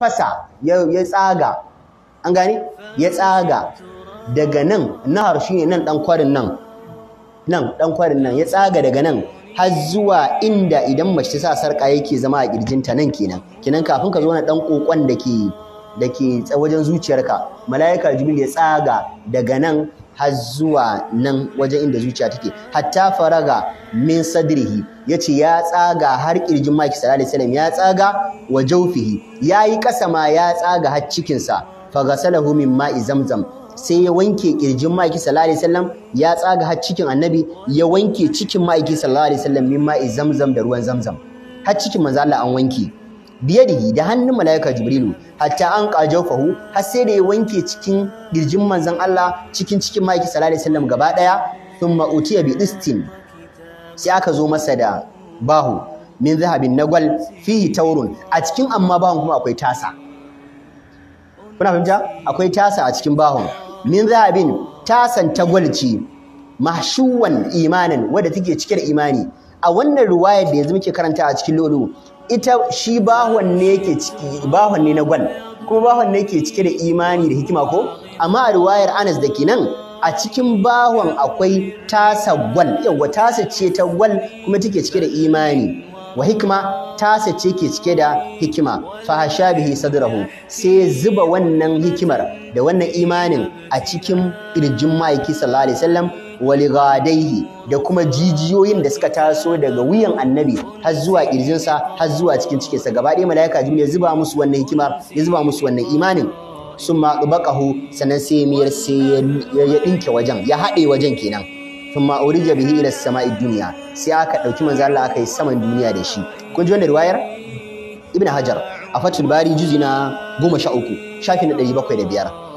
fasa ya tsaga an gane ya tsaga daga nan nahar shine nan dan kwarin nan nan dan kwarin nan ya tsaga daga nan har zuwa inda idan mace sa sarka yake zama a kirjinta nan kenan kenan kafin ka zo na dan kokon da ke da ke wajen zuciyarka mala'ika jibril ya tsaga daga nan har zuwa nan wajen inda zuciya take hatta faraga min sadrihi yace ya tsaga har kirjin maki sallallahu alaihi ya tsaga wa jawfihi yayi kasa ma ya tsaga har cikin sa fagasalahu min ma'i zamzam sai ya wanke kirjin maki sallallahu alaihi ya tsaga har cikin annabi ya wanke cikin maki sallallahu alaihi min ma'i zamzam da ruwan zamzam har cikin manzo Allah an wanke biyadihi da hannun malaika jibrilu hatta an qajawfahu har sai da ya wanke cikin girjin manzon Allah cikin cikin maiki sallallahu alaihi wasallam gaba daya thumma utiya bi istin sai aka zo masa da bahu min zahabin nagwal fihi taurun a cikin amma bahun kuma akwai tasa kuna fahimta akwai tasa a cikin bahun min zahabin tasan tagwalci ce imanin wanda take cike da imani a wannan ruwayar da yanzu muke karanta a cikin lodo ita shi bahon ne yake ciki bahon ne na gwal kuma bahon ne yake cike da imani da hikima ko amma a ruwayar Anas da ke nan a cikin bahon akwai tasa gwal yawa tasa ce ta gwal kuma take cike da imani wa hikma tasa ce ke cike da hikima fa hasha bihi sadrahu sai zuba wannan hikimar da wannan imanin a cikin ƙirjin ma'aiki sallallahu alaihi wasallam waligadaihi da kuma jijiyoyin da suka taso daga wuyan annabi har zuwa kirjinsa har zuwa cikin cikinsa gaba ɗaya mala'ika jibril ya zuba musu wannan hikima ya zuba musu wannan imanin sun ma sannan sai miyar sai ya ɗinke wajen ya haɗe wajen kenan thumma urija bihi ila sama'id dunya sai aka ɗauki manzo Allah aka yi saman duniya da shi kun ji wannan riwayar ibn hajar a fatul bari juzi na uku, shafi na ɗari bakwai da biyar.